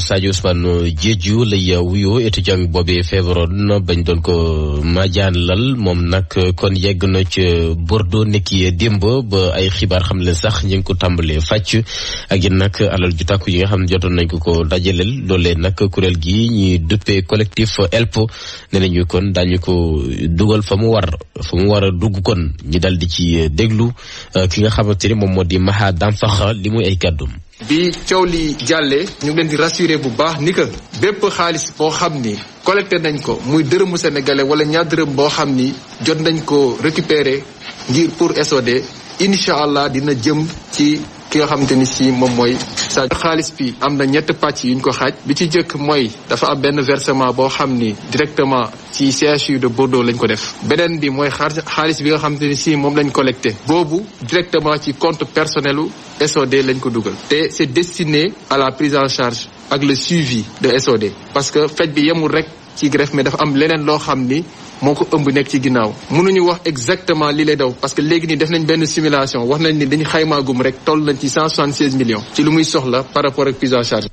Sadio Ousmane Diédhiou lay wuyoo étudiant bi boobee feebaroon bañ doon ko majaan lal moom nag kon yegg na ci Bordeaux nekki démb ba ay xibaar xam ne sax ñu ngi ko tàmbalee fàcc ak it nag alal ju tàkku yi nga xam ne jotoon nañ ko ko dajaleel loolee nak kuréel gi ñuy duppee collectif ELP ne nañu kon daañu ko dugal fa mu war fa mu war a dugg kon ñi dal di ci déglu ki nga xamante ni moom moo di Maha Damfaxa li muy ay kàddum bi coow li jàllee ñu ngi leen di rassurer bu baax ni que bépp xaalis boo xam ni collecté nañ ko muy dërëmu sénégalais wala ñaar dërëm boo xam ni jot nañ ko récupérer ngir pour SOD incha allah dina jëm ci ki nga xamante ni si moom mooy sa xaalis bi am na ñett pàcc yuñ ko xaaj bi ci jëkk mooy dafa am benn versement boo xam ni directement ci CHU de Bordeaux lañ ko def beneen bi mooy xaalis bi nga xam te ni si moom lañ collecté boobu directement ci compte personnelu SOD lañ ko dugal te c'est destiné à la prise en charge ak le suivi de SOD parce que faj bi yemul rek ci greffe mais dafa am leneen loo xam ni moo ko ëmb nekk ci ginnaaw mënuñu wax exactement li lay daw parce que léegi nii def nañ benn simulation wax nañ ni dañu xaymaagum rek toll nañ ci 176 millions ci lu muy soxla par rapport ak prise en charge